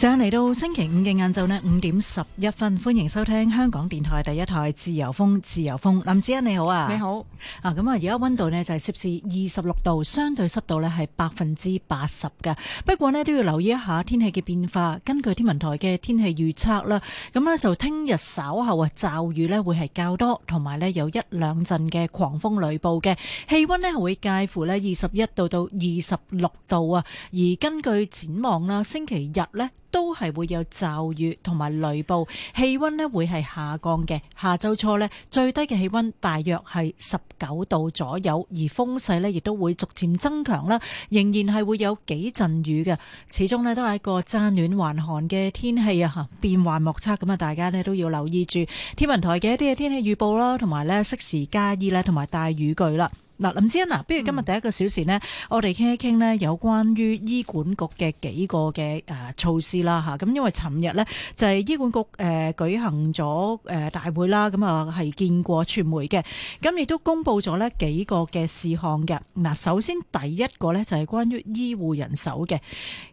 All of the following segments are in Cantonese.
正嚟到星期五嘅晏晝呢，五點十一分，歡迎收聽香港電台第一台《自由風》，自由風林子欣你好啊，你好啊，咁啊，而家溫度呢，就係攝氏二十六度，相對濕度呢係百分之八十㗎。不過呢，都要留意一下天氣嘅變化。根據天文台嘅天氣預測啦，咁呢就聽日稍後啊，驟雨呢會係較多，同埋呢有一兩陣嘅狂風雷暴嘅。氣溫呢，會介乎呢二十一度到二十六度啊。而根據展望啦，星期日呢。都係會有驟雨同埋雷暴，氣溫咧會係下降嘅。下周初呢，最低嘅氣溫大約係十九度左右，而風勢咧亦都會逐漸增強啦。仍然係會有幾陣雨嘅，始終呢都係一個乍暖還寒嘅天氣啊，變幻莫測。咁啊，大家呢都要留意住天文台嘅一啲嘅天氣預報啦，同埋呢適時加衣咧，同埋帶雨具啦。嗱，林之恩嗱、啊，不如今日第一個小時咧、嗯，我哋傾一傾咧，有關於醫管局嘅幾個嘅誒措施啦吓，咁因為尋日咧就係醫管局誒舉行咗誒大會啦，咁啊係見過傳媒嘅，咁亦都公布咗咧幾個嘅事項嘅。嗱，首先第一個咧就係關於醫護人手嘅。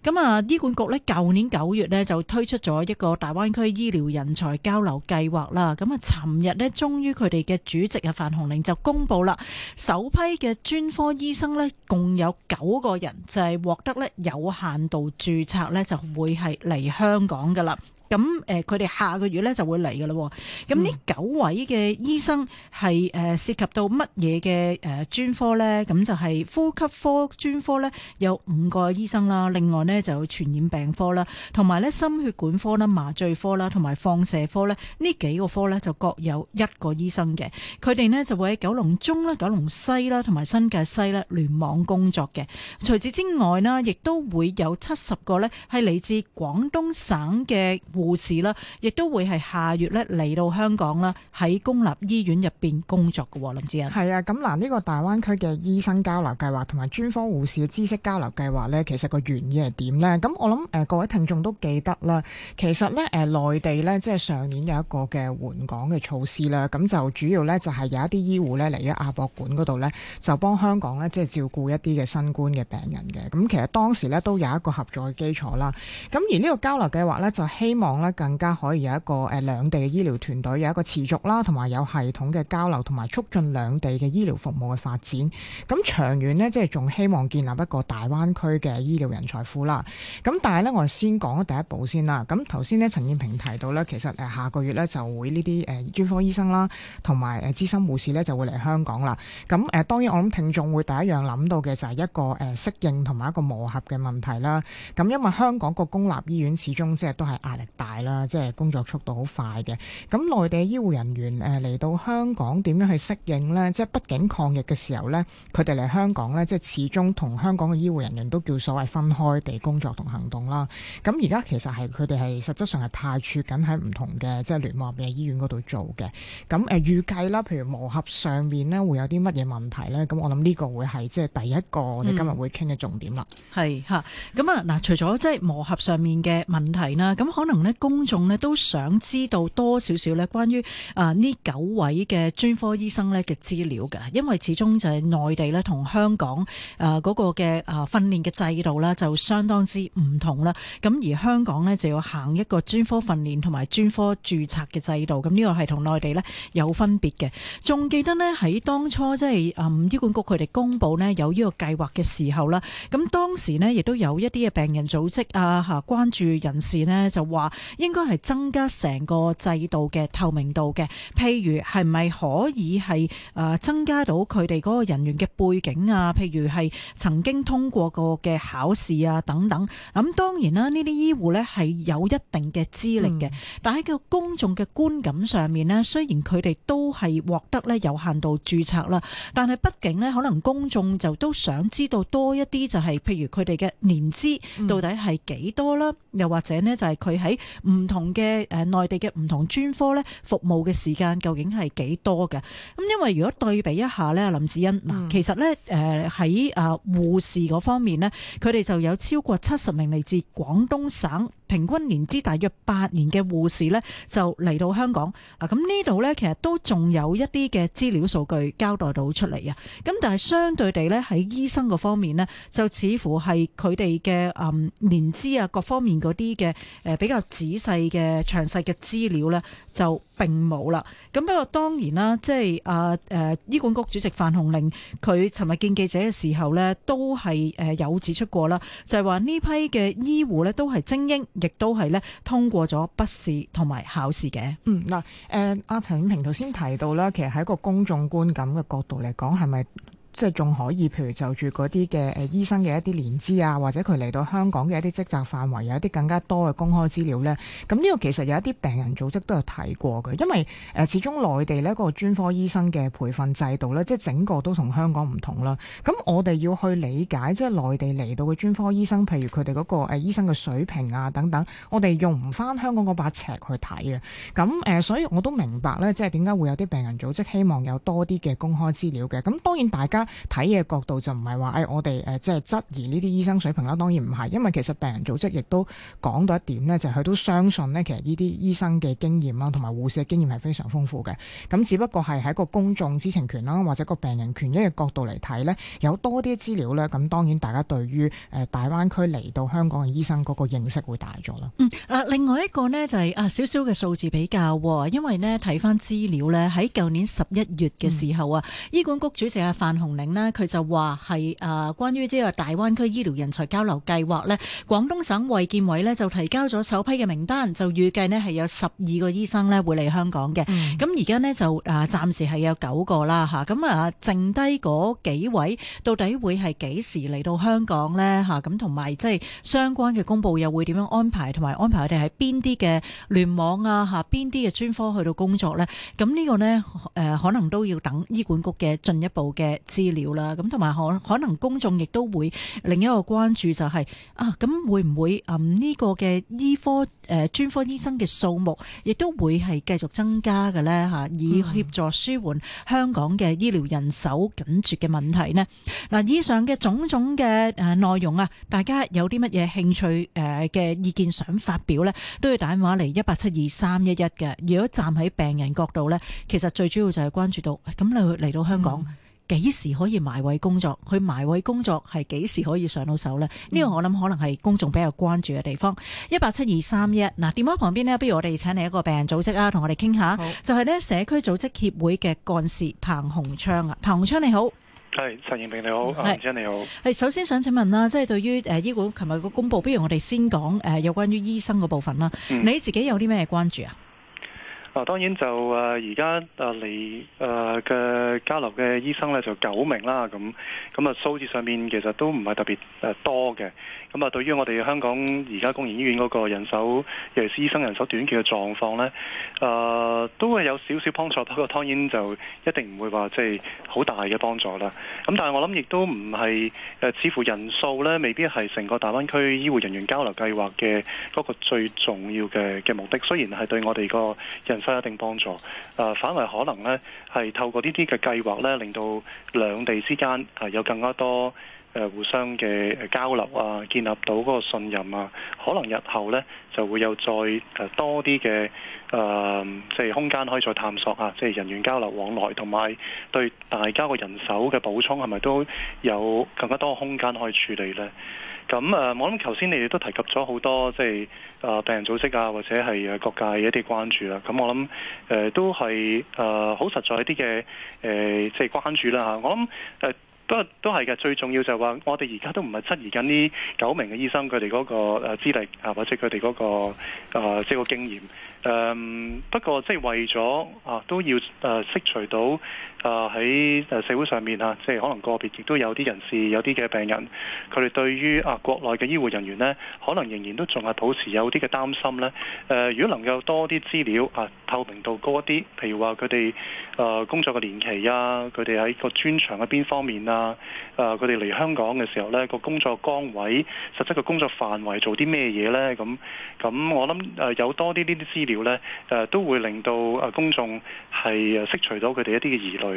咁啊，醫管局咧舊年九月咧就推出咗一個大灣區醫療人才交流計劃啦。咁啊，尋日咧終於佢哋嘅主席啊范鴻齡就公布啦首。批嘅專科醫生呢，共有九個人就係獲得呢有限度註冊呢，就會係嚟香港噶啦。咁誒，佢哋下個月咧就會嚟㗎喇咯。咁呢九位嘅醫生係誒涉及到乜嘢嘅誒專科呢？咁就係呼吸科專科呢，有五個醫生啦。另外呢，就有傳染病科啦，同埋呢心血管科啦、麻醉科啦，同埋放射科啦。呢幾個科呢，就各有一個醫生嘅。佢哋呢，就會喺九龍中啦、九龍西啦、同埋新界西咧聯網工作嘅。除此之外啦，亦都會有七十個呢，係嚟自廣東省嘅。護士啦，亦都會係下月咧嚟到香港啦，喺公立醫院入邊工作嘅。林哲玄係啊，咁嗱呢個大灣區嘅醫生交流計劃同埋專科護士嘅知識交流計劃咧，其實個原意係點咧？咁我諗誒各位聽眾都記得啦，其實咧誒內地咧即係上年有一個嘅援港嘅措施啦，咁就主要咧就係有一啲醫護咧嚟咗亞博館嗰度咧，就幫香港咧即係照顧一啲嘅新冠嘅病人嘅。咁其實當時咧都有一個合作嘅基礎啦。咁而呢個交流計劃咧就希望。講咧更加可以有一個誒兩地嘅醫療團隊，有一個持續啦，同埋有系統嘅交流，同埋促進兩地嘅醫療服務嘅發展。咁長遠呢，即係仲希望建立一個大灣區嘅醫療人才庫啦。咁但係呢，我先講第一步先啦。咁頭先呢，陳燕平提到呢，其實誒下個月呢就會呢啲誒專科醫生啦，同埋誒資深護士呢就會嚟香港啦。咁誒當然我諗聽眾會第一樣諗到嘅就係一個誒適應同埋一個磨合嘅問題啦。咁因為香港個公立醫院始終即係都係壓力大啦，即係工作速度好快嘅。咁內地醫護人員誒嚟、呃、到香港點樣去適應呢？即係畢竟抗疫嘅時候呢，佢哋嚟香港呢，即係始終同香港嘅醫護人員都叫所謂分開地工作同行動啦。咁而家其實係佢哋係實質上係派駐緊喺唔同嘅即係聯網嘅醫院嗰度做嘅。咁誒、呃、預計啦，譬如磨合上面呢，會有啲乜嘢問題呢？咁我諗呢個會係即係第一個我哋今日會傾嘅重點啦。係、嗯、嚇。咁啊嗱，除咗即係磨合上面嘅問題啦，咁可能。喺公眾咧都想知道多少少咧關於啊呢九位嘅專科醫生咧嘅資料㗎，因為始終就係內地咧同香港誒嗰個嘅誒訓練嘅制度呢就相當之唔同啦。咁而香港呢，就要行一個專科訓練同埋專科註冊嘅制度，咁呢個係同內地呢有分別嘅。仲記得呢，喺當初即係誒醫管局佢哋公布呢有呢個計劃嘅時候啦，咁當時呢，亦都有一啲嘅病人組織啊、關注人士呢，就話，應該係增加成個制度嘅透明度嘅，譬如係咪可以係誒增加到佢哋嗰個人員嘅背景啊？譬如係曾經通過過嘅考試啊等等。咁當然啦，呢啲醫護呢係有一定嘅資歷嘅，但喺個公眾嘅觀感上面呢，雖然佢哋都係獲得呢有限度註冊啦，但係畢竟呢，可能公眾就都想知道多一啲，就係譬如佢哋嘅年資到底係幾多啦？又或者呢，就係佢喺唔同嘅誒內地嘅唔同專科咧，服務嘅時間究竟係幾多嘅？咁因為如果對比一下咧，林哲玄嗱，其實咧誒喺啊護士嗰方面咧，佢哋就有超過七十名嚟自廣東省。平均年資大約八年嘅護士呢，就嚟到香港啊！咁呢度呢，其實都仲有一啲嘅資料數據交代到出嚟啊！咁但係相對地呢，喺醫生嗰方面呢，就似乎係佢哋嘅嗯年資啊，各方面嗰啲嘅誒比較仔細嘅詳細嘅資料呢。就。並冇啦，咁不過當然啦，即係啊誒，醫管局主席范鴻齡，佢尋日見記者嘅時候咧，都係誒有指出過啦，就係話呢批嘅醫護咧都係精英，亦都係咧通過咗筆試同埋考試嘅。嗯，嗱、呃、誒，阿陳展平頭先提到啦，其實喺一個公眾觀感嘅角度嚟講，係咪？即係仲可以，譬如就住嗰啲嘅誒醫生嘅一啲年資啊，或者佢嚟到香港嘅一啲職責範圍，有一啲更加多嘅公開資料咧。咁呢個其實有一啲病人組織都有提過嘅，因為誒始終內地呢嗰個專科醫生嘅培訓制度咧，即係整個都同香港唔同啦。咁我哋要去理解，即係內地嚟到嘅專科醫生，譬如佢哋嗰個誒醫生嘅水平啊等等，我哋用唔翻香港嗰把尺去睇嘅。咁誒，所以我都明白咧，即係點解會有啲病人組織希望有多啲嘅公開資料嘅。咁當然大家睇嘢角度就唔係話誒，我哋誒即係質疑呢啲醫生水平啦。當然唔係，因為其實病人組織亦都講到一點呢，就係佢都相信呢。其實呢啲醫生嘅經驗啦，同埋護士嘅經驗係非常豐富嘅。咁只不過係喺一個公眾知情權啦，或者個病人權益嘅角度嚟睇呢，有多啲資料呢。咁當然大家對於誒大灣區嚟到香港嘅醫生嗰個認識會大咗啦。嗯，啊，另外一個呢，就係啊，少少嘅數字比較，因為呢睇翻資料呢，喺舊年十一月嘅時候啊，嗯、醫管局主席阿范鴻。明咧，佢就話係誒，關於即係大灣區醫療人才交流計劃咧，廣東省衛健委咧就提交咗首批嘅名單，就預計咧係有十二個醫生咧會嚟香港嘅。咁而家呢，就誒，暫時係有九個啦吓，咁啊，剩低嗰幾位到底會係幾時嚟到香港呢？吓？咁同埋即係相關嘅公布又會點樣安排？同埋安排佢哋喺邊啲嘅聯網啊吓，邊啲嘅專科去到工作呢？咁呢個呢，誒、呃，可能都要等醫管局嘅進一步嘅。資料啦，咁同埋可可能公眾亦都會另一個關注就係、是、啊，咁會唔會啊呢、嗯這個嘅醫科誒專、呃、科醫生嘅數目亦都會係繼續增加嘅呢？吓，以協助舒緩香港嘅醫療人手緊絀嘅問題呢。嗱、啊，以上嘅種種嘅誒內容啊，大家有啲乜嘢興趣誒嘅意見想發表呢，都要打電話嚟一八七二三一一嘅。如果站喺病人角度呢，其實最主要就係關注到咁、哎、你會嚟到香港。嗯幾時可以埋位工作？佢埋位工作係幾時可以上到手呢？呢、嗯，這個我諗可能係公眾比較關注嘅地方。一八七二三一，嗱，電話旁邊呢，不如我哋請嚟一個病人組織啊，同我哋傾下。就係、是、呢社區組織協會嘅幹事彭鴻昌啊，彭鴻昌你好，係陳艷萍你好，鴻昌你好。係、嗯嗯、首先想請問啦，即、就、係、是、對於誒醫管局琴日個公布，不如我哋先講有、呃、關於醫生嗰部分啦、嗯。你自己有啲咩關注啊？當然就誒而家誒嚟嘅交流嘅醫生呢，就九名啦，咁咁啊數字上面其實都唔係特別多嘅。咁啊，對於我哋香港而家公營醫院嗰個人手，尤其是醫生人手短缺嘅狀況呢，呃、都會有少少幫助，不過當然就一定唔會話即係好大嘅幫助啦。咁但係我諗亦都唔係似乎人數呢，未必係成個大灣區醫護人員交流計劃嘅嗰個最重要嘅嘅目的。雖然係對我哋個人。有一定幫助。誒、呃、反而可能呢係透過呢啲嘅計劃呢，令到兩地之間係有更加多、呃、互相嘅交流啊，建立到嗰個信任啊。可能日後呢就會有再多啲嘅誒，即、呃、係、就是、空間可以再探索啊，即、就、係、是、人員交流往來，同埋對大家嘅人手嘅補充係咪都有更加多嘅空間可以處理呢？咁我諗頭先你哋都提及咗好多，即、就、係、是、呃、病人組織啊，或者係誒各界一啲關注啦、啊。咁我諗、呃、都係誒好實在啲嘅即係關注啦、啊、嚇。我諗不、呃、都都係嘅，最重要就係話我哋而家都唔係質疑緊呢九名嘅醫生佢哋嗰個資歷啊，或者佢哋嗰個即係個經驗。誒、呃、不過即係為咗啊、呃，都要誒釋、呃、除到。啊！喺社會上面嚇，即係可能個別亦都有啲人士、有啲嘅病人，佢哋對於啊國內嘅醫護人員呢，可能仍然都仲係保持有啲嘅擔心呢誒，如果能夠多啲資料啊，透明度高一啲，譬如話佢哋誒工作嘅年期啊，佢哋喺個專長喺邊方面啊，誒佢哋嚟香港嘅時候呢個工作崗位、實質嘅工作範圍做啲咩嘢呢？咁咁我諗誒有多啲呢啲資料呢，誒都會令到誒公眾係釋除到佢哋一啲嘅疑慮。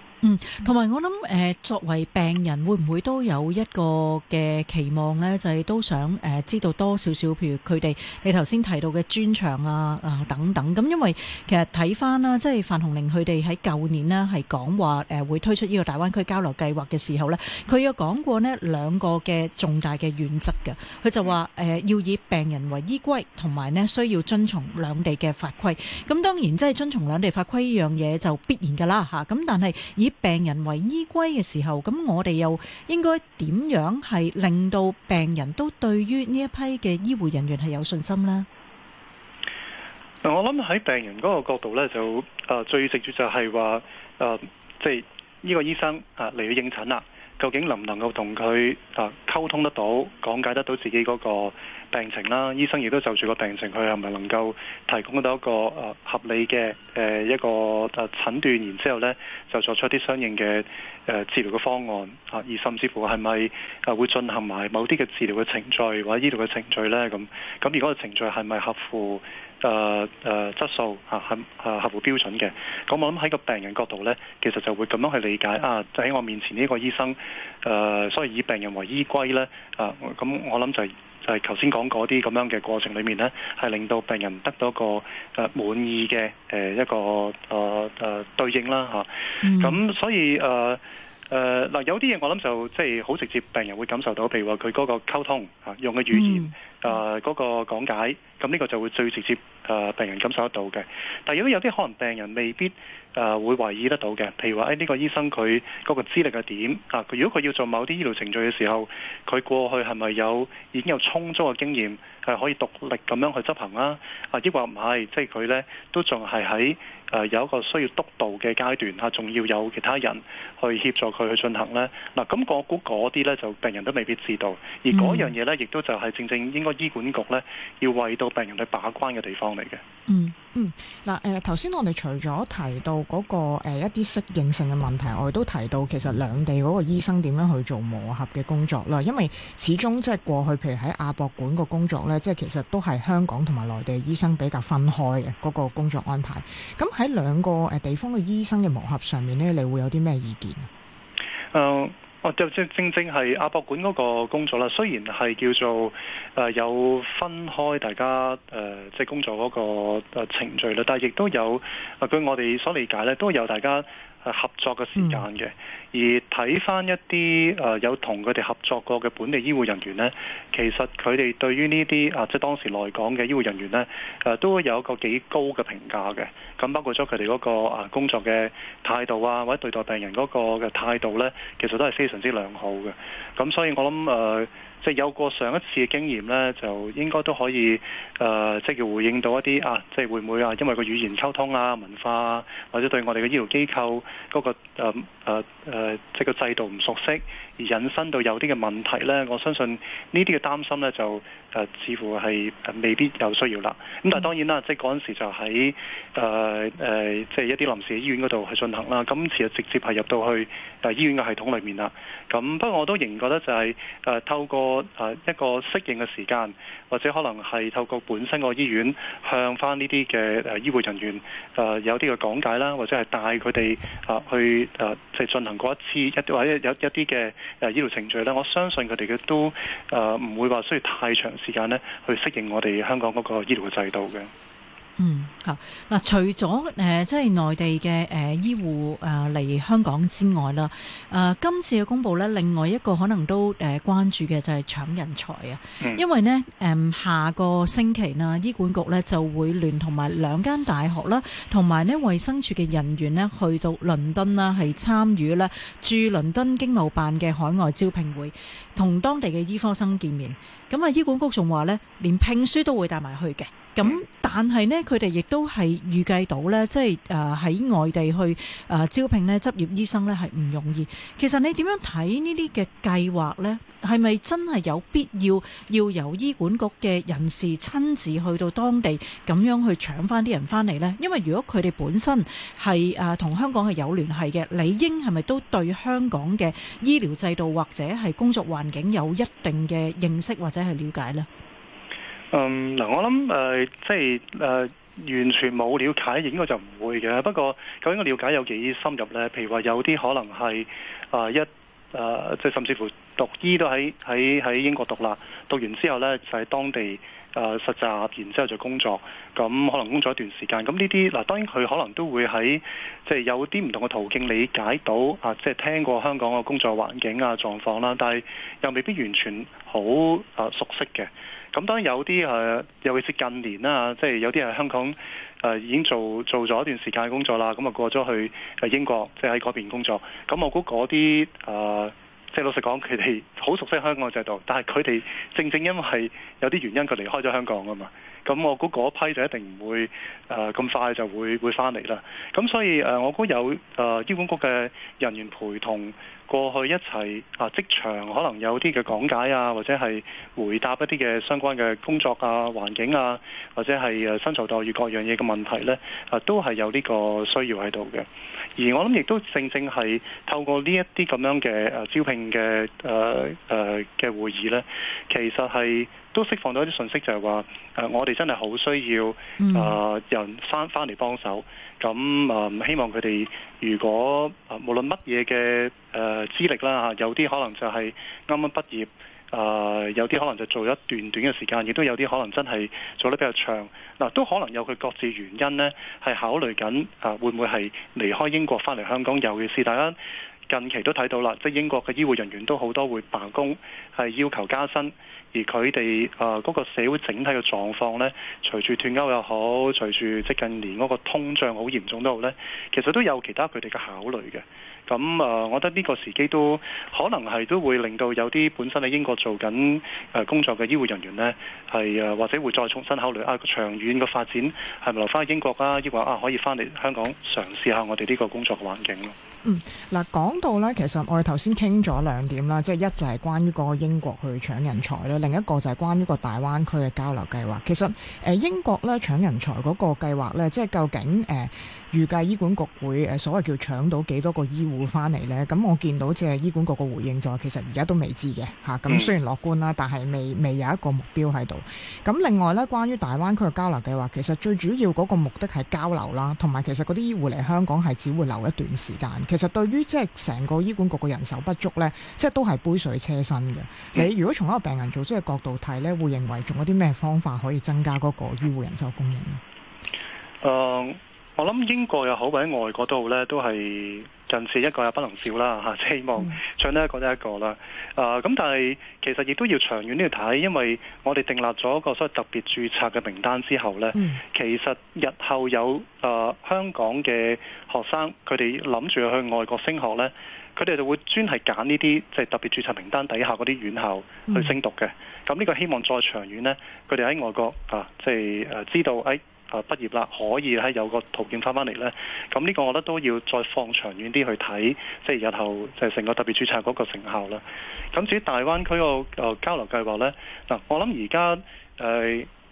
嗯，同埋我諗、呃，作為病人，會唔會都有一個嘅期望呢？就係、是、都想誒、呃、知道多少少，譬如佢哋，你頭先提到嘅專長啊，啊等等。咁、嗯、因為其實睇翻啦，即係范鴻齡佢哋喺舊年呢係講話誒會推出呢個大灣區交流計劃嘅時候呢，佢有講過呢兩個嘅重大嘅原則㗎。佢就話、呃、要以病人為依歸，同埋呢需要遵從兩地嘅法規。咁、嗯、當然即係遵從兩地法規呢樣嘢就必然㗎啦吓。咁但係以病人為依歸嘅時候，咁我哋又應該點樣係令到病人都對於呢一批嘅醫護人員係有信心呢？嗱，我諗喺病人嗰個角度咧，就誒、呃、最直接就係話誒，即係呢個醫生啊嚟咗應診啦。究竟能唔能夠同佢啊溝通得到、講解得到自己嗰個病情啦？醫生亦都就住個病情，佢係咪能夠提供得到一個啊合理嘅誒一個啊診斷，然之後呢就作出一啲相應嘅誒治療嘅方案啊，而甚至乎係咪啊會進行埋某啲嘅治療嘅程序，或者醫療嘅程序呢？咁咁，咁如果個程序係咪合乎誒、呃、誒、呃、質素嚇合誒合乎標準嘅，咁我諗喺個病人角度咧，其實就會咁樣去理解啊！就喺我面前呢個醫生誒、啊，所以以病人為依歸咧啊！咁、啊啊、我諗就係、就係頭先講嗰啲咁樣嘅過程裏面咧，係令到病人得到一個誒、啊、滿意嘅誒一個誒誒、啊啊、對應啦嚇。咁、嗯、所以誒誒嗱，有啲嘢我諗就即係好直接，病人會感受到，譬如話佢嗰個溝通嚇、啊，用嘅語言誒嗰、嗯啊嗰個講解。咁呢個就會最直接病人感受得到嘅。但如果有啲可能病人未必、呃、會懷疑得到嘅，譬如話呢、哎呢個醫生佢嗰個資歷係點啊？佢如果佢要做某啲醫療程序嘅時候，佢過去係咪有已經有充足嘅經驗係、啊、可以獨立咁樣去執行啦、啊？啊，抑或唔係，即係佢呢都仲係喺有一個需要督導嘅階段仲、啊、要有其他人去協助佢去進行呢。嗱、啊、咁我估嗰啲呢就病人都未必知道，而嗰樣嘢呢，亦、嗯、都就係正正應該醫管局呢要為到。病人去把關嘅地方嚟嘅。嗯嗯，嗱、呃，誒，頭先我哋除咗提到嗰、嗰個誒、呃、一啲適應性嘅問題，我哋都提到其實兩地嗰個醫生點樣去做磨合嘅工作啦。因為始終即係過去，譬如喺亞博館個工作咧，即係其實都係香港同埋內地醫生比較分開嘅嗰個工作安排。咁喺兩個誒地方嘅醫生嘅磨合上面咧，你會有啲咩意見？誒、呃，我就正正正係亞博館嗰個工作啦。雖然係叫做。誒、呃、有分開大家誒、呃、即係工作嗰個程序啦，但係亦都有誒、據我哋所理解咧，都有大家合作嘅時間嘅。而睇翻一啲誒、呃、有同佢哋合作過嘅本地醫護人員呢，其實佢哋對於呢啲啊即係當時來港嘅醫護人員呢，誒、呃、都有一個幾高嘅評價嘅。咁包括咗佢哋嗰個啊工作嘅態度啊，或者對待病人嗰個嘅態度呢，其實都係非常之良好嘅。咁所以我諗誒、呃即係有過上一次嘅經驗咧，就應該都可以誒、呃，即係叫回應到一啲啊，即係會唔會啊，因為個語言溝通啊、文化、啊、或者對我哋嘅醫療機構嗰、嗰個誒誒、呃呃、即係個制度唔熟悉。而引申到有啲嘅問題呢，我相信呢啲嘅擔心呢，就誒似乎係未必有需要啦。咁但係當然啦，即係嗰陣時就喺誒誒即係一啲臨時醫院嗰度去進行啦。今次就直接係入到去誒醫院嘅系統裏面啦。咁不過我都仍然覺得就係誒透過誒一個適應嘅時間，或者可能係透過本身個醫院向翻呢啲嘅誒醫護人員誒有啲嘅講解啦，或者係帶佢哋啊去誒即係進行過一次一啲或者有一啲嘅。誒醫療程序咧，我相信佢哋嘅都誒唔、呃、會話需要太長時間咧，去適應我哋香港嗰個醫療嘅制度嘅。嗯，吓嗱，除咗誒，即係內地嘅誒、呃、醫護誒嚟香港之外啦，誒、呃，今次嘅公佈呢，另外一個可能都誒、呃、關注嘅就係搶人才啊，因為呢，誒、呃，下個星期呢，醫管局呢就會聯同埋兩間大學啦，同埋呢衛生署嘅人員呢去到倫敦啦，去參與呢駐倫敦經貿辦嘅海外招聘會，同當地嘅醫科生見面。咁啊，醫管局仲話咧，連聘書都會帶埋去嘅。咁但係咧，佢哋亦都係預計到咧，即係誒喺外地去誒、呃、招聘咧，執業醫生咧係唔容易。其實你點樣睇呢啲嘅計劃咧？係咪真係有必要要由醫管局嘅人士親自去到當地咁樣去搶翻啲人翻嚟咧？因為如果佢哋本身係誒同香港係有聯繫嘅，理應係咪都對香港嘅醫療制度或者係工作環境有一定嘅認識或者？係了解啦。嗯，嗱，我諗誒，即係誒，完全冇了解，應該就唔會嘅。不過究竟個了解有幾深入咧？譬如話有啲可能係誒一。誒、呃，即係甚至乎讀醫都喺喺喺英國讀啦，讀完之後呢，就喺、是、當地誒、呃、實習，然之後就工作。咁、嗯、可能工作一段時間。咁呢啲嗱，當然佢可能都會喺即係有啲唔同嘅途徑理解到啊，即係聽過香港嘅工作環境啊狀況啦、啊，但係又未必完全好誒熟悉嘅。咁當然有啲誒，尤其是近年啦，即係有啲係香港誒、呃、已經做做咗一段時間嘅工作啦，咁啊過咗去英國，即係喺嗰邊工作。咁我估嗰啲誒，即、呃、係老實講，佢哋好熟悉香港嘅制度，但係佢哋正正因為有啲原因，佢離開咗香港啊嘛。咁我估嗰批就一定唔會誒咁、呃、快就會會翻嚟啦。咁所以誒、呃，我估有誒、呃、醫管局嘅人員陪同，過去一齊啊，職場可能有啲嘅講解啊，或者係回答一啲嘅相關嘅工作啊、環境啊，或者係誒薪酬待遇各樣嘢嘅問題呢，啊，都係有呢個需要喺度嘅。而我諗亦都正正係透過呢一啲咁樣嘅誒招聘嘅誒誒嘅會議呢，其實係都釋放到一啲信息就是說，就係話誒，我哋真係好需要啊人返返嚟幫手。咁啊、嗯，希望佢哋如果啊，無論乜嘢嘅誒資歷啦嚇，有啲可能就係啱啱畢業，誒、呃、有啲可能就做一段短嘅時間，亦都有啲可能真係做得比較長，嗱、啊、都可能有佢各自原因呢，係考慮緊啊會唔會係離開英國返嚟香港？尤其是大家近期都睇到啦，即係英國嘅醫護人員都好多會罷工，係要求加薪。而佢哋啊，嗰個社會整體嘅狀況呢，隨住脫歐又好，隨住即近年嗰個通脹好嚴重都好呢，其實都有其他佢哋嘅考慮嘅。咁啊，我覺得呢個時機都可能係都會令到有啲本身喺英國做緊工作嘅醫護人員呢，係或者會再重新考慮啊個長遠嘅發展係咪留翻去英國啊，抑或啊可以翻嚟香港嘗試下我哋呢個工作嘅環境咯。嗯，嗱，講到咧，其實我哋頭先傾咗兩點啦，即係一就係關於個英國去搶人才啦，另一個就係關於個大灣區嘅交流計劃。其實，誒、呃，英國咧搶人才嗰個計劃咧，即係究竟誒預計醫管局會誒所謂叫搶到幾多個醫護翻嚟咧？咁我見到即係醫管局個回應就係，其實而家都未知嘅吓。咁、啊、雖然樂觀啦，但係未未有一個目標喺度。咁另外咧，關於大灣區嘅交流計劃，其實最主要嗰個目的係交流啦，同埋其實嗰啲醫護嚟香港係只會留一段時間。其實對於即係成個醫管局嘅人手不足呢，即係、就是、都係杯水車薪嘅。你如果從一個病人組織嘅角度睇呢，會認為仲有啲咩方法可以增加嗰個醫護人手供應咧？誒、uh...。我諗英國又好，或者在外國都好咧，都係近似一個也不能少啦嚇，希望唱得一個得一個啦。啊、呃，咁但係其實亦都要長遠呢度睇，因為我哋訂立咗一個所謂特別註冊嘅名單之後咧、嗯，其實日後有啊、呃、香港嘅學生，佢哋諗住去外國升學咧，佢哋就會專係揀呢啲即係特別註冊名單底下嗰啲院校去升讀嘅。咁、嗯、呢個希望再長遠咧，佢哋喺外國啊，即係啊知道誒。哎啊！畢業啦，可以喺有個途徑翻返嚟呢。咁呢個我覺得都要再放長遠啲去睇，即係日後就係成個特別註冊嗰個成效啦。咁至於大灣區個、呃、交流計劃呢，嗱、啊，我諗而家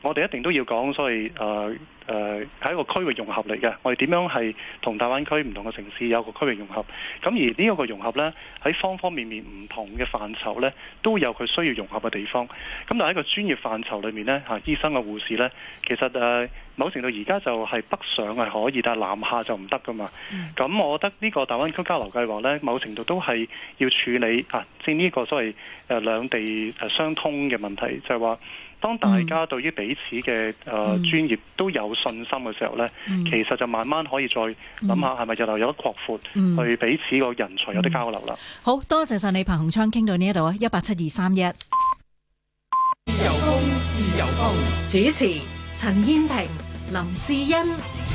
我哋一定都要講，所謂誒誒係一個區域融合嚟嘅。我哋點樣係同大灣區唔同嘅城市有個區域融合？咁而呢一個融合呢，喺方方面面唔同嘅範疇呢，都有佢需要融合嘅地方。咁但係喺個專業範疇裏面呢，啊、醫生嘅護士呢，其實誒、啊、某程度而家就係北上係可以，但係南下就唔得㗎嘛。咁、mm. 我覺得呢個大灣區交流計劃呢，某程度都係要處理啊，即係呢個所謂誒、啊、兩地相通嘅問題，就係、是、話。當大家對於彼此嘅誒、嗯呃、專業都有信心嘅時候咧、嗯，其實就慢慢可以再諗下係咪日後有得擴闊、嗯，去彼此個人才有得交流啦、嗯嗯嗯。好多謝晒你彭鴻昌，傾到呢一度啊，一八七二三一。自由風，自由風，主持陳燕婷、林志欣。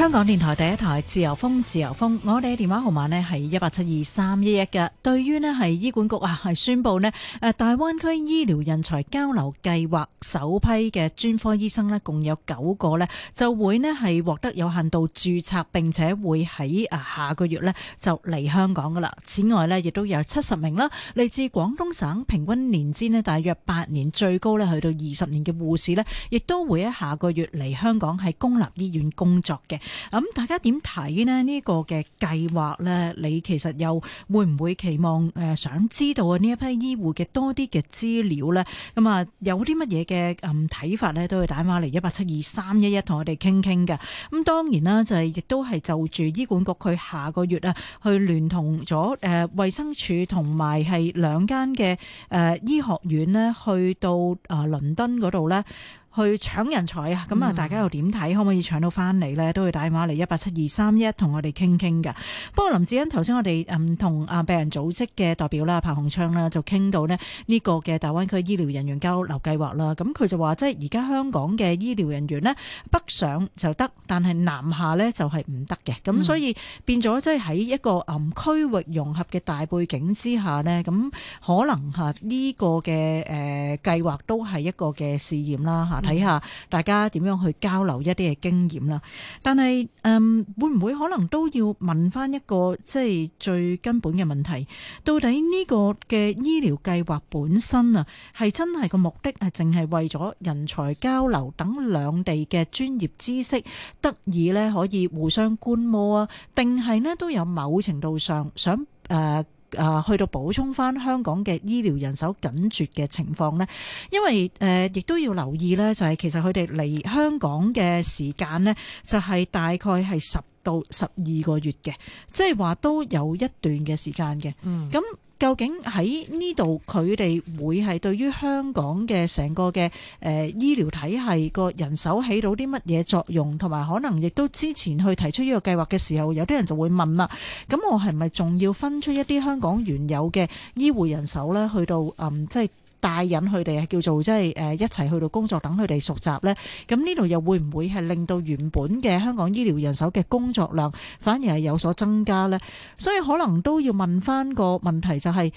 香港電台第一台《自由風》，自由風。我哋嘅電話號碼呢，係一八七二三一一嘅。對於呢，係醫管局啊，係宣布呢，誒，大灣區醫療人才交流計劃首批嘅專科醫生呢，共有九個呢，就會呢，係獲得有限度注冊，並且會喺啊下個月呢，就嚟香港噶啦。此外呢，亦都有七十名啦，嚟自廣東省，平均年資呢，大約八年，最高呢，去到二十年嘅護士呢，亦都會喺下個月嚟香港喺公立醫院工作嘅。咁大家點睇呢？呢個嘅計劃呢，你其實又會唔會期望？想知道啊，呢一批醫護嘅多啲嘅資料呢？咁啊，有啲乜嘢嘅睇法呢，都係打電話嚟一八七二三一一同我哋傾傾嘅。咁當然啦，就係亦都係就住醫管局佢下個月啊，去聯同咗誒衛生署同埋係兩間嘅誒醫學院呢，去到啊倫敦嗰度呢。去搶人才啊！咁啊，大家又點睇？可唔可以搶到翻嚟呢？都會打電話嚟一八七二三一同我哋傾傾㗎。不過林志欣，頭先我哋嗯同啊病人組織嘅代表啦，彭鴻昌啦，就傾到呢呢個嘅大灣區醫療人員交流計劃啦。咁佢就話即係而家香港嘅醫療人員呢，北上就得，但係南下呢，就係唔得嘅。咁所以變咗即係喺一個暗區域融合嘅大背景之下呢，咁可能嚇呢個嘅誒計劃都係一個嘅試驗啦。睇下大家點樣去交流一啲嘅經驗啦，但係誒、嗯、會唔會可能都要問翻一個即係最根本嘅問題，到底呢個嘅醫療計劃本身啊，係真係個目的係淨係為咗人才交流，等兩地嘅專業知識得以呢可以互相觀摩啊，定係呢都有某程度上想誒、呃啊、呃，去到補充翻香港嘅醫療人手緊絕嘅情況呢，因為誒亦、呃、都要留意呢就係、是、其實佢哋嚟香港嘅時間呢就係、是、大概係十到十二個月嘅，即係話都有一段嘅時間嘅。嗯，咁。究竟喺呢度佢哋會係對於香港嘅成個嘅誒、呃、醫療體系個人手起到啲乜嘢作用？同埋可能亦都之前去提出呢個計劃嘅時候，有啲人就會問啦。咁我係咪仲要分出一啲香港原有嘅醫護人手咧，去到嗯即係。帶引佢哋係叫做即係誒一齊去到工作等佢哋熟習呢。咁呢度又會唔會係令到原本嘅香港醫療人手嘅工作量反而係有所增加呢？所以可能都要問翻個問題就係。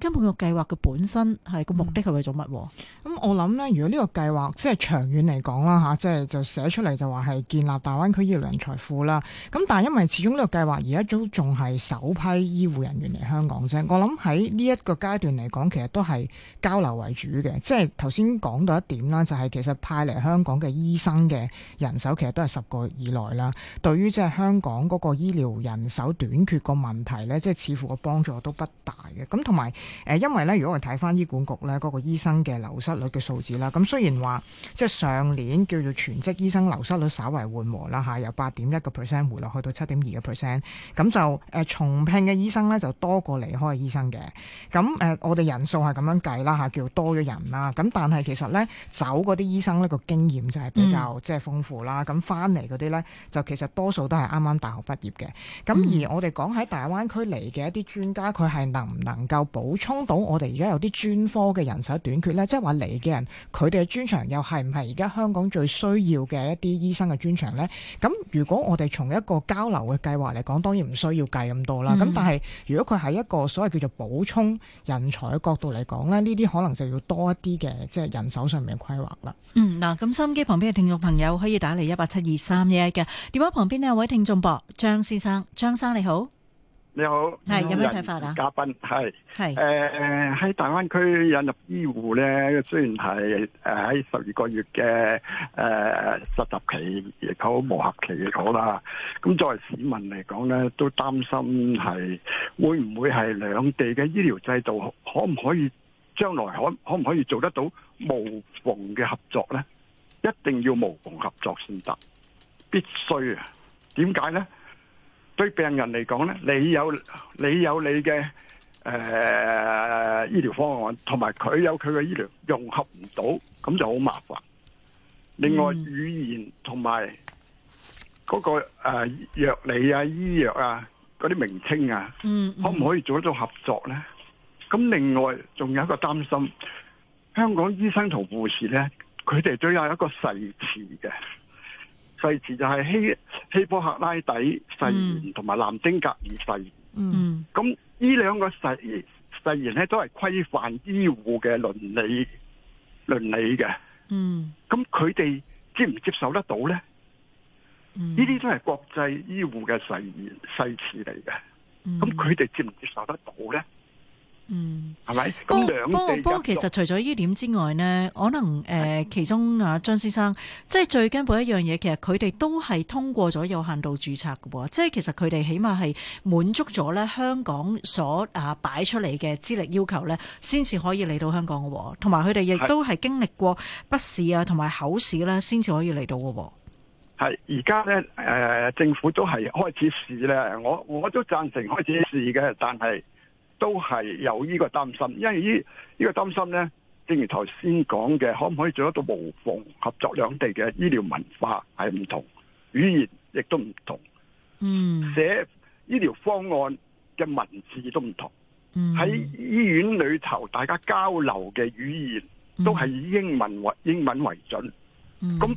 根本,的計的本的、嗯嗯嗯、個計劃嘅本身係個目的係為咗乜？咁我諗呢，如果呢個計劃即係長遠嚟講啦嚇，即係就寫出嚟就話係建立大灣區醫療人才庫啦。咁但係因為始終呢個計劃而家都仲係首批醫護人員嚟香港啫。我諗喺呢一個階段嚟講，其實都係交流為主嘅。即係頭先講到一點啦，就係、是、其實派嚟香港嘅醫生嘅人手其實都係十個以內啦。對於即係香港嗰個醫療人手短缺個問題呢，即係似乎個幫助都不大嘅。咁同埋。誒，因為咧，如果我哋睇翻醫管局咧嗰個醫生嘅流失率嘅數字啦，咁雖然話即係上年叫做全職醫生流失率稍為緩和啦嚇、啊，由八點一個 percent 回落去到七點二個 percent，咁就誒、啊、重聘嘅醫生咧就多過離開嘅醫生嘅，咁誒、啊、我哋人數係咁樣計啦嚇，叫多咗人啦，咁、啊、但係其實咧走嗰啲醫生呢個經驗就係比較即係豐富啦，咁翻嚟嗰啲咧就其實多數都係啱啱大學畢業嘅，咁而我哋講喺大灣區嚟嘅一啲專家，佢係能唔能夠保衝到我哋而家有啲專科嘅人手短缺呢？即係話嚟嘅人佢哋嘅專長又係唔係而家香港最需要嘅一啲醫生嘅專長呢？咁如果我哋從一個交流嘅計劃嚟講，當然唔需要計咁多啦。咁、嗯、但係如果佢係一個所謂叫做補充人才嘅角度嚟講呢，呢啲可能就要多一啲嘅即係人手上面嘅規劃啦。嗯，嗱，咁收音機旁邊嘅聽眾朋友可以打嚟一八七二三一一嘅電話旁邊呢，有位聽眾博張先生，張生你好。你好，係有咩睇法啊？嘉賓係係，誒喺、呃、大灣區引入醫護咧，雖然係誒喺十二個月嘅誒、呃、實習期，亦好磨合期亦好啦。咁作為市民嚟講咧，都擔心係會唔會係兩地嘅醫療制度可唔可以將來可可唔可以做得到無縫嘅合作咧？一定要無縫合作先得，必須啊！點解咧？對病人嚟講咧，你有你有你嘅誒醫療方案，同埋佢有佢嘅醫療融合唔到，咁就好麻煩。另外、嗯、語言同埋嗰個誒、呃、藥理啊、醫藥啊、嗰啲名稱啊，嗯嗯，可唔可以做一做合作咧？咁另外仲有一個擔心，香港醫生同護士咧，佢哋都有一個誓詞嘅。誓詞就係希希波克拉底誓言同埋、嗯、南丁格爾誓言，咁呢兩個誓言，誓言咧都係規範醫護嘅倫理倫理嘅，咁佢哋接唔接受得到咧？呢、嗯、啲都係國際醫護嘅誓言誓詞嚟嘅，咁佢哋接唔接受得到咧？是嗯，係咪？不過不過其實除咗呢點之外呢可能誒，其中啊，張先生是即係最根本一樣嘢，其實佢哋都係通過咗有限度注冊嘅，即係其實佢哋起碼係滿足咗咧香港所啊擺出嚟嘅資歷要求咧，先至可以嚟到香港嘅，同埋佢哋亦都係經歷過筆試啊，同埋口試啦，先至可以嚟到嘅。係而家咧，誒、呃，政府都係開始試咧，我我都讚成開始試嘅，但係。都係有呢個擔心，因為呢呢個擔心呢，正如頭先講嘅，可唔可以做得到無縫合作？兩地嘅醫療文化係唔同，語言亦都唔同。嗯，寫醫療方案嘅文字都唔同。喺、嗯、醫院裏頭大家交流嘅語言都係以英文為英文為準。咁、嗯。嗯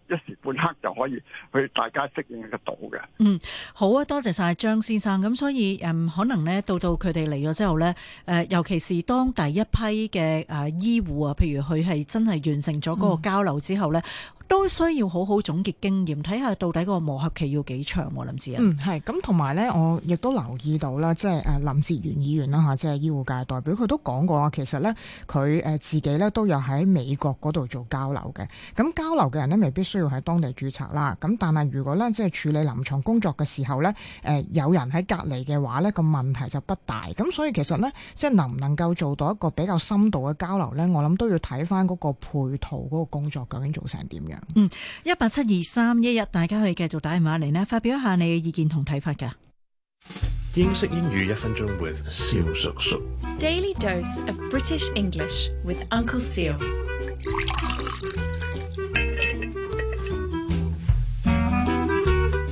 一時半刻就可以，去大家適應得到嘅。嗯，好啊，多謝晒張先生。咁所以，嗯，可能呢，到到佢哋嚟咗之後呢，誒、呃，尤其是當第一批嘅誒、啊、醫護啊，譬如佢係真係完成咗嗰個交流之後呢、嗯，都需要好好總結經驗，睇下到底個磨合期要幾長喎、啊，林志啊。嗯，係。咁同埋呢，我亦都留意到啦，即、就、係、是、林哲玄議員啦嚇，即、就、係、是、醫護界代表，佢都講過啊。其實呢，佢誒自己呢都有喺美國嗰度做交流嘅。咁交流嘅人呢，未必需。要喺當地註冊啦，咁但係如果咧即係處理臨床工作嘅時候咧，誒有人喺隔籬嘅話咧，個問題就不大。咁所以其實呢，即係能唔能夠做到一個比較深度嘅交流呢？我諗都要睇翻嗰個配套嗰個工作究竟做成點樣。嗯，1723, 一八七二三一一，大家可以繼續打電話嚟呢，發表一下你嘅意見同睇法㗎。英式英語一分鐘 with 肖叔叔。Daily dose of British English with Uncle Siu.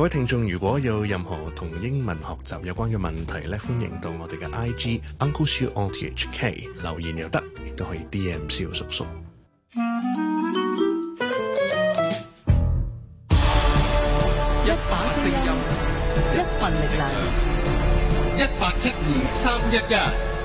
各位聽眾，如果有任何同英文學習有關嘅問題咧，歡迎到我哋嘅 I G Uncle Siu R T H K 留言又得，亦都可以 D M 小叔叔。一把聲音，一份力量，一八七二三一一。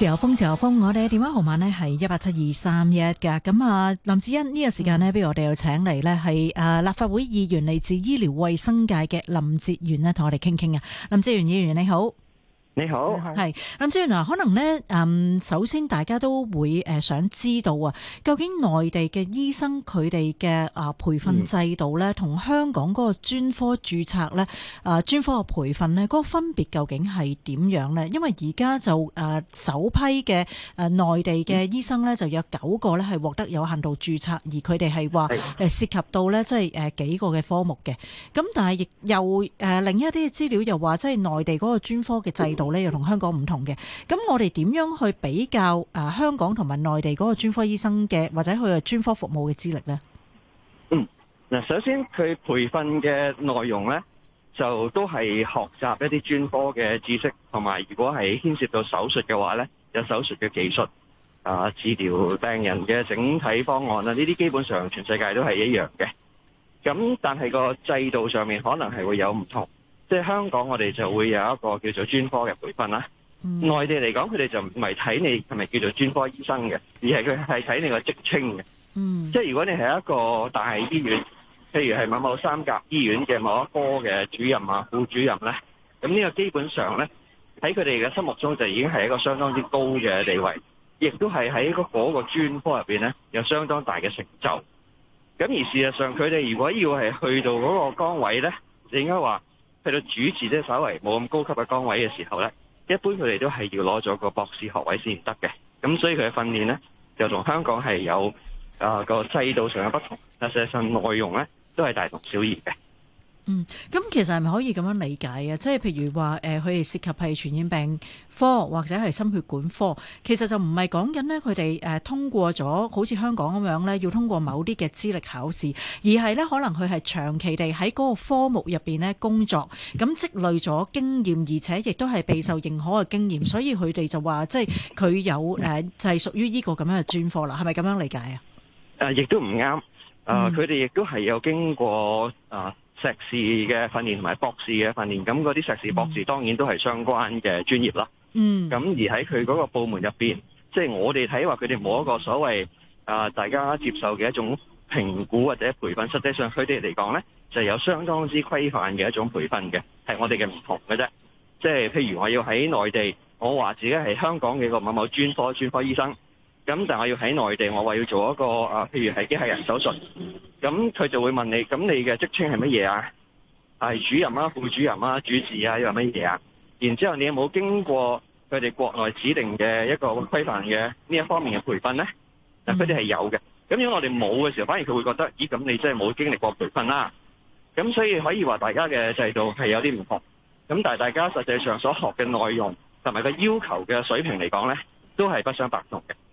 自由風，自由風，我哋嘅電話號碼咧係一八七二三一嘅。咁啊，林志恩呢、這個時間呢，不如我哋又請嚟呢係誒立法會議員嚟自醫療衛生界嘅林哲玄呢，同我哋傾傾啊，林哲玄議員，你好。你好，係咁即係嗱，可能咧，嗯，首先大家都會誒想知道啊，究竟內地嘅醫生佢哋嘅啊培訓制度咧，同香港嗰個專科注冊咧，啊專科嘅培訓咧，嗰、嗰個分別究竟係點樣咧？因為而家就誒、啊、首批嘅誒內地嘅醫生咧，就有九個咧係獲得有限度注冊，而佢哋係話誒涉及到咧即係誒幾個嘅科目嘅，咁但係亦又誒、啊、另一啲資料又話即係內地嗰個專科嘅制度。度咧又同香港唔同嘅，咁我哋點樣去比較香港同埋內地嗰個專科醫生嘅，或者佢嘅專科服務嘅資歷呢？嗯，嗱，首先佢培訓嘅內容呢，就都係學習一啲專科嘅知識，同埋如果係牽涉到手術嘅話呢，有手術嘅技術啊、治療病人嘅整體方案，呢啲基本上全世界都係一樣嘅。咁但係個制度上面可能係會有唔同。即係香港，我哋就會有一個叫做專科嘅培訓啦。內、mm. 地嚟講，佢哋就唔係睇你係咪叫做專科醫生嘅，而係佢係睇你個職稱嘅。Mm. 即係如果你係一個大醫院，譬如係某某三甲醫院嘅某一科嘅主任啊、副主任呢，咁呢個基本上呢，喺佢哋嘅心目中就已經係一個相當之高嘅地位，亦都係喺嗰嗰個專科入面呢，有相當大嘅成就。咁而事實上，佢哋如果要係去到嗰個崗位呢，就應該話。去到主持即係稍為冇咁高級嘅崗位嘅時候咧，一般佢哋都係要攞咗個博士學位先得嘅，咁所以佢嘅訓練咧就同香港係有啊個制度上嘅不同，但係實際上內容咧都係大同小異嘅。嗯，咁其實係咪可以咁樣理解啊？即係譬如話，誒佢哋涉及係傳染病科或者係心血管科，其實就唔係講緊呢，佢哋誒通過咗好似香港咁樣呢，要通過某啲嘅資歷考試，而係呢，可能佢係長期地喺嗰個科目入邊咧工作，咁積累咗經驗，而且亦都係備受認可嘅經驗，所以佢哋就話即係佢有誒就係、是、屬於呢個咁樣嘅專科啦。係咪咁樣理解啊？誒，亦、呃嗯、都唔啱。誒，佢哋亦都係有經過啊。碩士嘅訓練同埋博士嘅訓練，咁嗰啲碩士博士當然都係相關嘅專業啦。嗯，咁而喺佢嗰個部門入邊，即係我哋睇話佢哋冇一個所謂啊、呃，大家接受嘅一種評估或者培訓，實際上佢哋嚟講呢，就係有相當之規範嘅一種培訓嘅，係我哋嘅唔同嘅啫。即係譬如我要喺內地，我話自己係香港嘅一個某某專科專科醫生。咁但係我要喺內地，我話要做一個啊，譬如係機械人手術，咁佢就會問你，咁你嘅職稱係乜嘢啊？係、啊、主任啊、副主任啊、主治啊，又係乜嘢啊？然之後你有冇經過佢哋國內指定嘅一個規範嘅呢一方面嘅培訓呢？嗱、啊，佢哋係有嘅。咁如果我哋冇嘅時候，反而佢會覺得，咦，咁你真係冇經歷過培訓啦。咁所以可以話大家嘅制度係有啲唔同。咁但係大家實際上所學嘅內容同埋個要求嘅水平嚟講呢，都係不相伯仲嘅。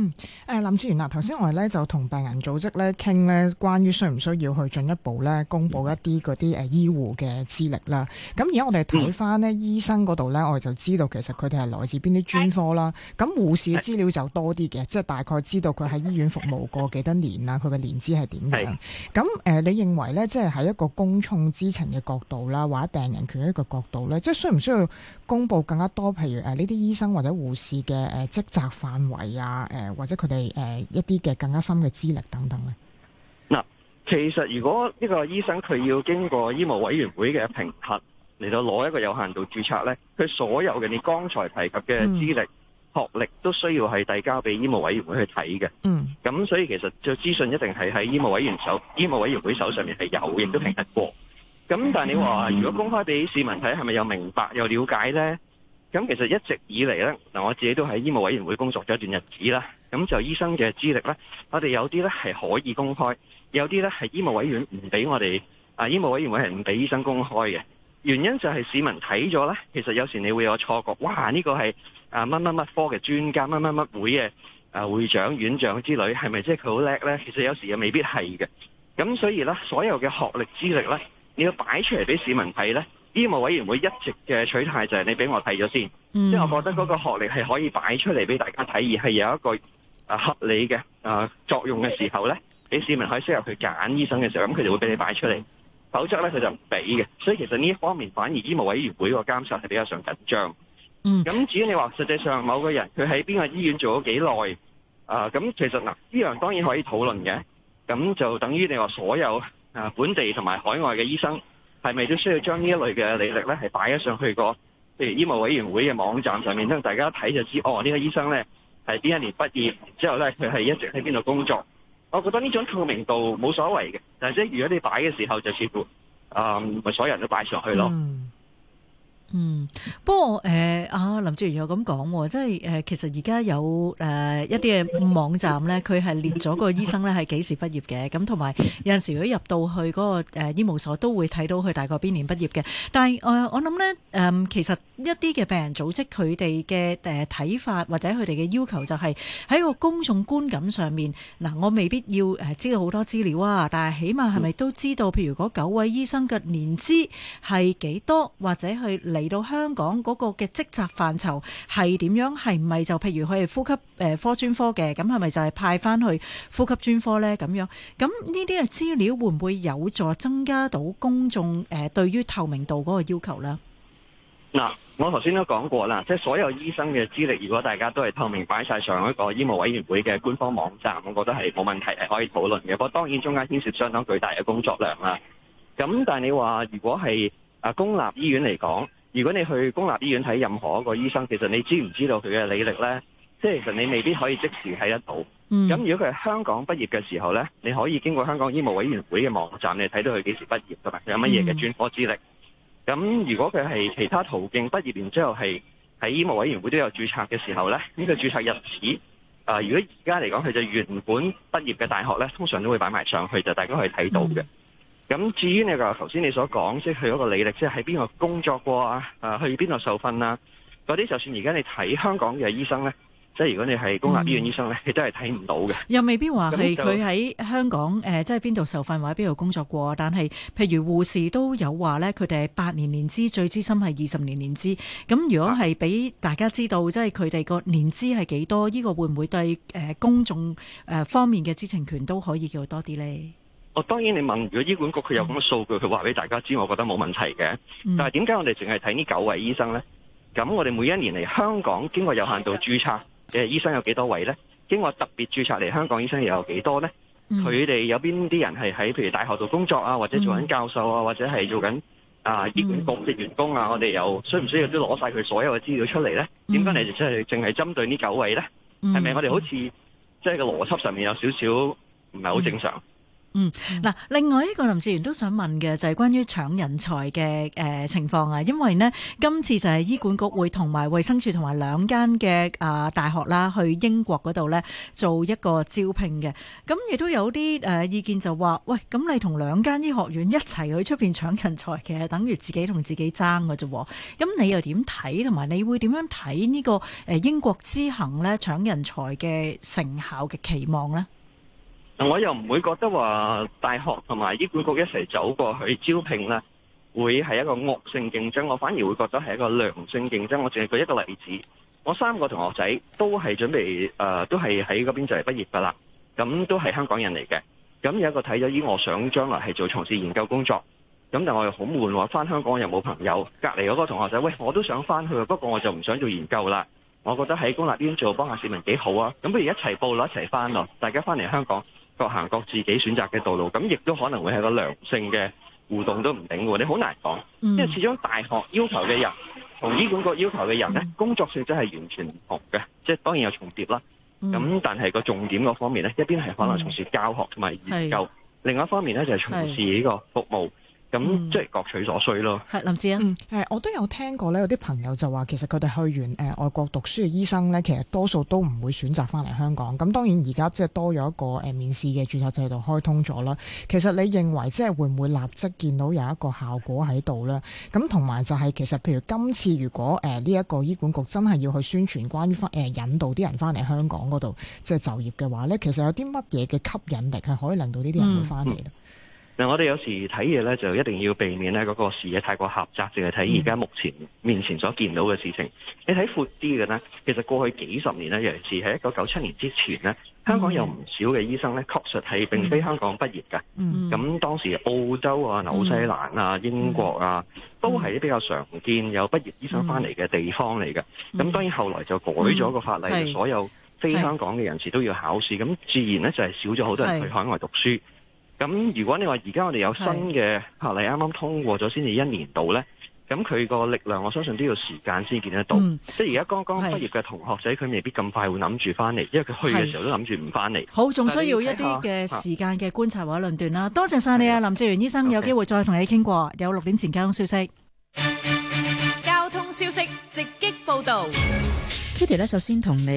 嗯，誒、呃、林哲玄啊，頭先我哋咧就同病人組織咧傾咧，關於需唔需要去進一步咧公佈一啲嗰啲誒醫護嘅資歷啦。咁而家我哋睇翻呢醫生嗰度咧，我哋就知道其實佢哋係來自邊啲專科啦。咁護士嘅資料就多啲嘅，即、就、係、是、大概知道佢喺醫院服務過幾多年啊，佢、嗯、嘅年資係點樣。咁、嗯呃、你認為咧，即係喺一個公眾知情嘅角度啦，或者病人權一個角度咧，即係需唔需要公佈更加多，譬如呢啲、呃、醫生或者護士嘅誒、呃、職責範圍啊，呃或者佢哋誒一啲嘅更加深嘅資歷等等咧。嗱，其實如果呢個醫生佢要經過醫務委員會嘅評核嚟到攞一個有限度註冊咧，佢所有嘅你剛才提及嘅資歷、學歷都需要係遞交俾醫務委員會去睇嘅。嗯。咁所以其實就資訊一定係喺醫務委員手、醫務委員會手上面係有，亦都評核過。咁但係你話如果公開俾市民睇，係咪又明白又了解咧？咁其實一直以嚟咧，嗱我自己都喺醫務委員會工作咗一段日子啦。咁就醫生嘅資歷呢，我哋有啲呢係可以公開，有啲呢係醫務委員唔俾我哋。啊，醫務委員會係唔俾醫生公開嘅原因就係市民睇咗呢。其實有時你會有錯覺，哇！呢、這個係啊乜乜乜科嘅專家，乜乜乜會嘅啊會長、院長之類，係咪即係佢好叻呢？其實有時又未必係嘅。咁所以呢，所有嘅學歷資歷呢，你要擺出嚟俾市民睇呢。醫務委員會一直嘅取態就係你俾我睇咗先，嗯、即係我覺得嗰個學歷係可以擺出嚟俾大家睇，而係有一個。啊合理嘅啊作用嘅時候咧，俾市民可以適合去揀醫生嘅時候，咁佢就會俾你擺出嚟，否則咧佢就唔俾嘅。所以其實呢一方面反而醫務委員會個監察係比較上緊張。嗯。咁至於你話實際上某個人佢喺邊個醫院做咗幾耐啊？咁其實嗱，呢樣當然可以討論嘅。咁就等於你話所有啊本地同埋海外嘅醫生係咪都需要將呢一類嘅履歷咧係擺咗上去個譬如醫務委員會嘅網站上面，咁大家睇就知哦呢個醫生咧，係邊一年畢業，之後咧，佢係一直喺邊度工作。我覺得呢種透明度冇所謂嘅，但係即係如果你擺嘅時候，就似乎啊、唔係、所有人都擺上去咯。嗯嗯，不過誒，阿、哎啊、林哲玄又咁講，即係誒，其實而家有誒一啲嘅網站咧，佢係列咗個醫生咧係幾時畢業嘅，咁同埋有陣時如果入到去嗰個誒醫務所，都會睇到佢大概邊年畢業嘅。但係誒、呃，我諗咧誒，其實一啲嘅病人組織佢哋嘅誒睇法或者佢哋嘅要求就係喺個公眾觀感上面，嗱，我未必要誒知道好多資料啊，但係起碼係咪都知道，譬如嗰九位醫生嘅年資係幾多，或者去。嚟到香港嗰個嘅職責範疇係點樣？係唔係就譬如佢係呼吸誒科專科嘅？咁係咪就係派翻去呼吸專科咧？咁樣，咁呢啲嘅資料會唔會有助增加到公眾誒對於透明度嗰個要求咧？嗱，我頭先都講過啦，即係所有醫生嘅資歷，如果大家都係透明擺晒上一個醫務委員會嘅官方網站，我覺得係冇問題，係可以討論嘅。不過當然中間牽涉相當巨大嘅工作量啦。咁但係你話，如果係啊公立醫院嚟講。如果你去公立醫院睇任何一個醫生，其實你知唔知道佢嘅履歷呢？即係其實你未必可以即時睇得到。咁、嗯、如果佢係香港畢業嘅時候呢，你可以經過香港醫務委員會嘅網站，你睇到佢幾時畢業噶嘛？有乜嘢嘅專科資歷？咁、嗯、如果佢係其他途徑畢業完之後係喺醫務委員會都有註冊嘅時候呢，呢、呢個註冊日子，啊、呃、如果而家嚟講佢就原本畢業嘅大學呢，通常都會擺埋上去，就大家可以睇到嘅。嗯。咁至於你個頭先你所講，即係佢嗰個履歷，即係喺邊度工作過啊？去邊度受訓啊？嗰啲就算而家你睇香港嘅醫生呢，即係如果你係公立醫院醫生呢、嗯，你都係睇唔到嘅。又未必話係佢喺香港即係邊度受訓或者邊度工作過。但係，譬如護士都有話呢，佢哋係八年年資，最資深係二十年年資。咁如果係俾大家知道，啊、即係佢哋個年資係幾多？呢、呢個會唔會對公眾方面嘅知情權都可以叫多啲呢？我、哦、當然你問，如果醫管局佢有咁嘅數據，佢話俾大家知，我覺得冇問題嘅、嗯。但係點解我哋淨係睇呢九位醫生呢？咁我哋每一年嚟香港經過有限度註冊嘅醫生有幾多位呢？經過特別註冊嚟香港醫生又有幾多呢？佢、嗯、哋有邊啲人係喺譬如大學度工作啊，或者做緊教授啊，或者係做緊啊醫管局嘅員工啊？嗯、我哋有需唔需要都攞晒佢所有嘅資料出嚟呢？點解你哋淨係針對呢九位呢？係、嗯、咪我哋好似即係個邏輯上面有少少唔係好正常？嗯。嗯，嗱，另外一個林哲玄都想問嘅就係關於搶人才嘅誒情況啊，因為呢，今次就係醫管局會同埋衛生署同埋兩間嘅啊大學啦，去英國嗰度呢做一個招聘嘅，咁亦都有啲誒意見就話，喂，咁你同兩間醫學院一齊去出邊搶人才，其實等於自己同自己爭嘅啫，咁你又點睇？同埋你會點樣睇呢個誒英國之行呢搶人才嘅成效嘅期望呢？我又唔會覺得話大學同埋醫管局一齊走過去招聘呢，會係一個惡性競爭。我反而會覺得係一個良性競爭。我淨係舉一個例子，我三個同學仔都係準備誒、呃，都係喺嗰邊就嚟畢業噶啦，咁都係香港人嚟嘅。咁有一個睇咗醫，我想將來係做從事研究工作，咁但我又好悶喎，翻香港又冇朋友。隔離嗰個同學仔，喂，我都想翻去，不過我就唔想做研究啦。我覺得喺公立醫院做幫下市民幾好啊。咁不如一齊報啦，一齊翻咯，大家翻嚟香港。各行各自己選擇嘅道路，咁亦都可能會係個良性嘅互動都唔定喎，你好難講，因為始終大學要求嘅人同醫管局要求嘅人呢、嗯，工作性質係完全唔同嘅，即係當然有重疊啦，咁、嗯、但係個重點嗰方面呢，一邊係可能從事教學同埋研究，另外一方面呢，就係從事呢個服務。咁、嗯、即係各取所需咯。係林哲玄啊，嗯，誒，我都有聽過咧有啲朋友就話，其實佢哋去完誒外國讀書嘅醫生咧，其實多數都唔會選擇翻嚟香港。咁當然而家即係多咗一個誒面試嘅註冊制度開通咗啦。其實你認為即係會唔會立即見到有一個效果喺度咧？咁同埋就係、是、其實譬如今次如果誒呢一個醫管局真係要去宣傳關於翻誒引導啲人翻嚟香港嗰度即係就業嘅話咧，其實有啲乜嘢嘅吸引力係可以令到呢啲人會翻嚟咧？嗱，我哋有時睇嘢咧，就一定要避免咧嗰個視野太過狹窄，淨係睇而家目前面前所見到嘅事情。嗯、你睇闊啲嘅呢，其實過去幾十年呢，尤其是喺一九九七年之前呢，香港有唔少嘅醫生呢，確實係並非香港畢業㗎。咁、嗯、當時澳洲啊、紐西蘭啊、嗯、英國啊，都係比較常見有畢業醫生翻嚟嘅地方嚟㗎。咁、嗯嗯、當然後來就改咗個法例，嗯、所有非香港嘅人士都要考試。咁自然呢，就係、是、少咗好多人去海外讀書。咁如果你話而家我哋有新嘅條例啱啱通過咗，先至一年度咧，咁佢個力量我相信都要時間先見得到。嗯、即係而家剛剛畢業嘅同學仔，佢未必咁快會諗住翻嚟，因為佢去嘅時候都諗住唔翻嚟。好，仲需要一啲嘅時間嘅觀察或者論斷啦。多謝晒你啊，林哲玄醫生，有機會再同你傾過。Okay. 有六點前交通消息，交通消息直擊報道。Kitty 咧，首先同你。